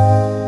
you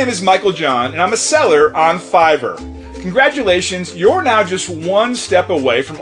name is Michael John, and I'm a seller on Fiverr. Congratulations, you're now just one step away from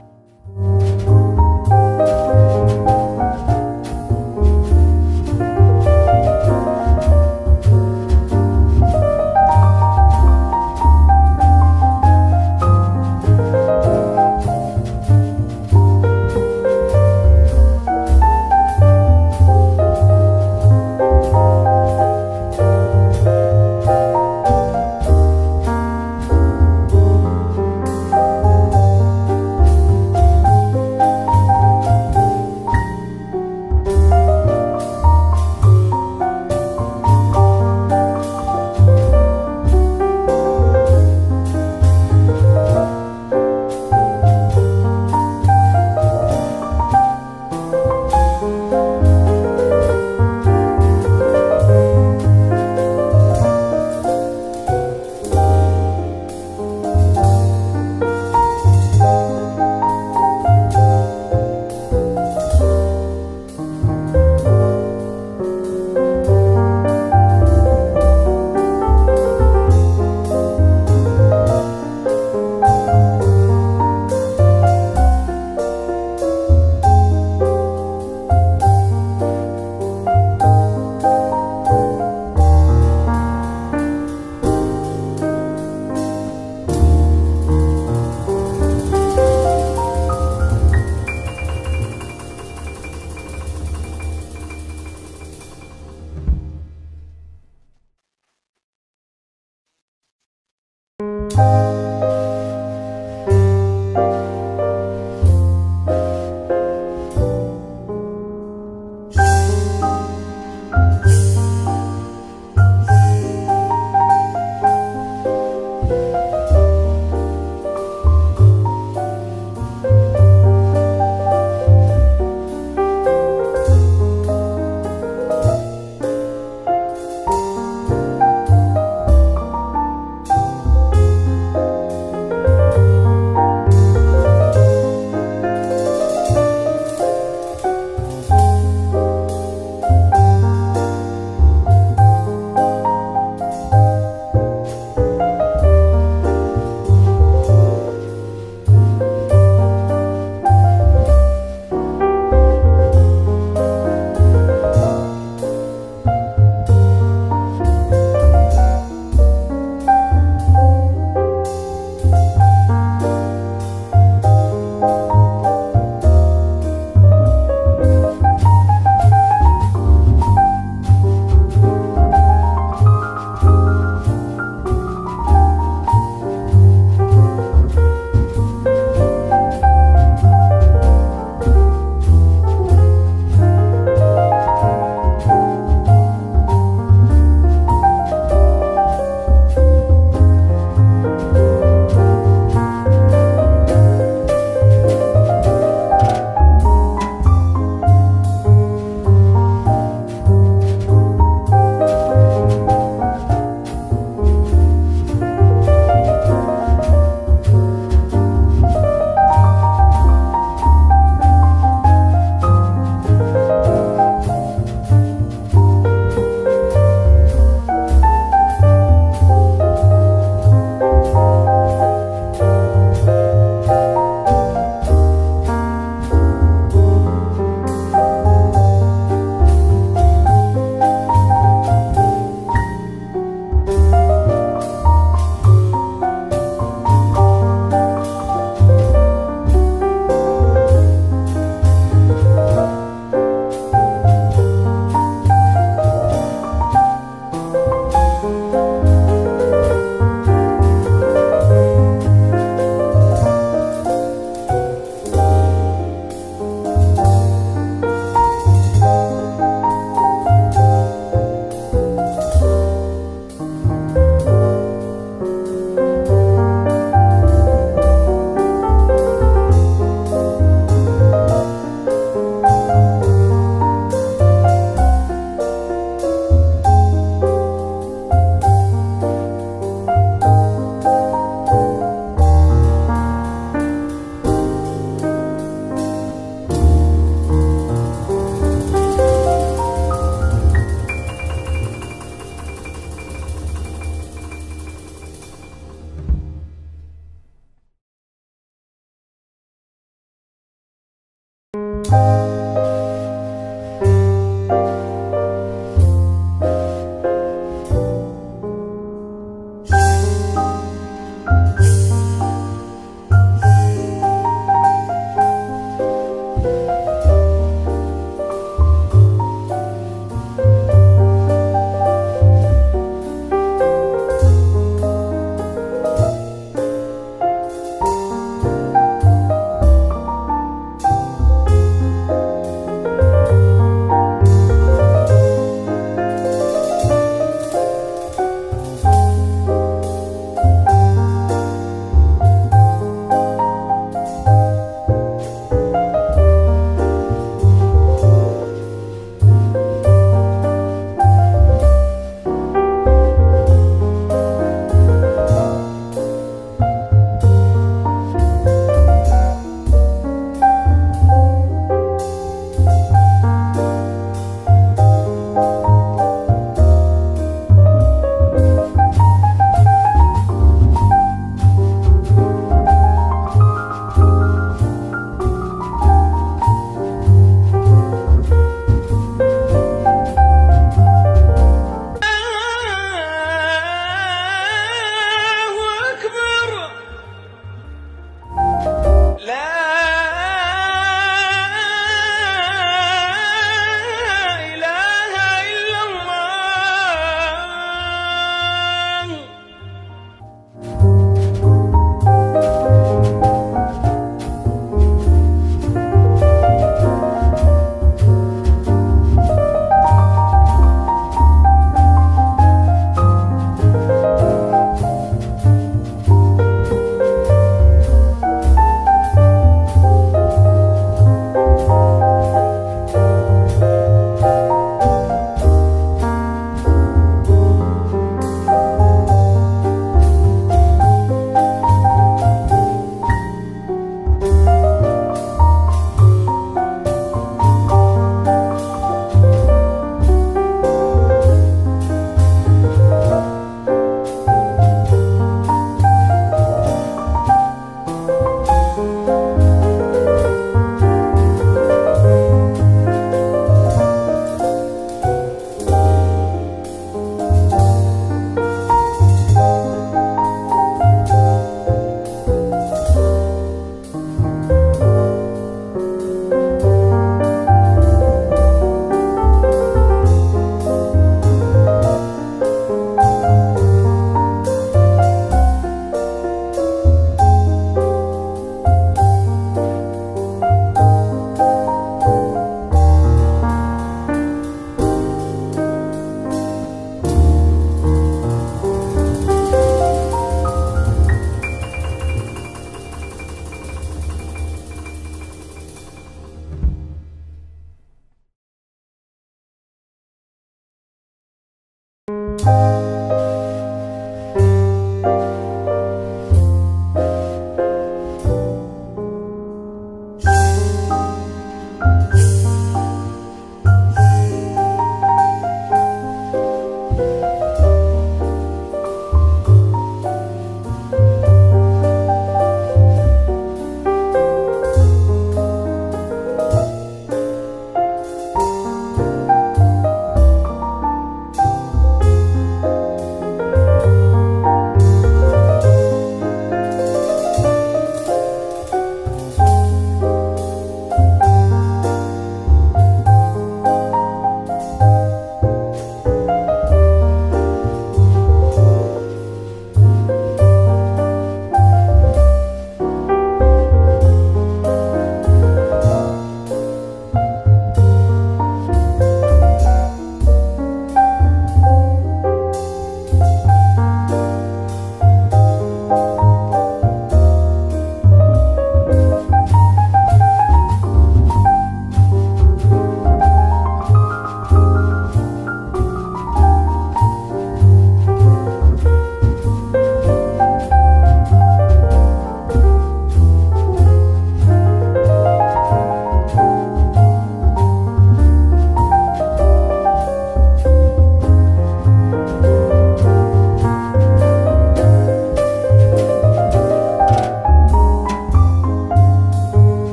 you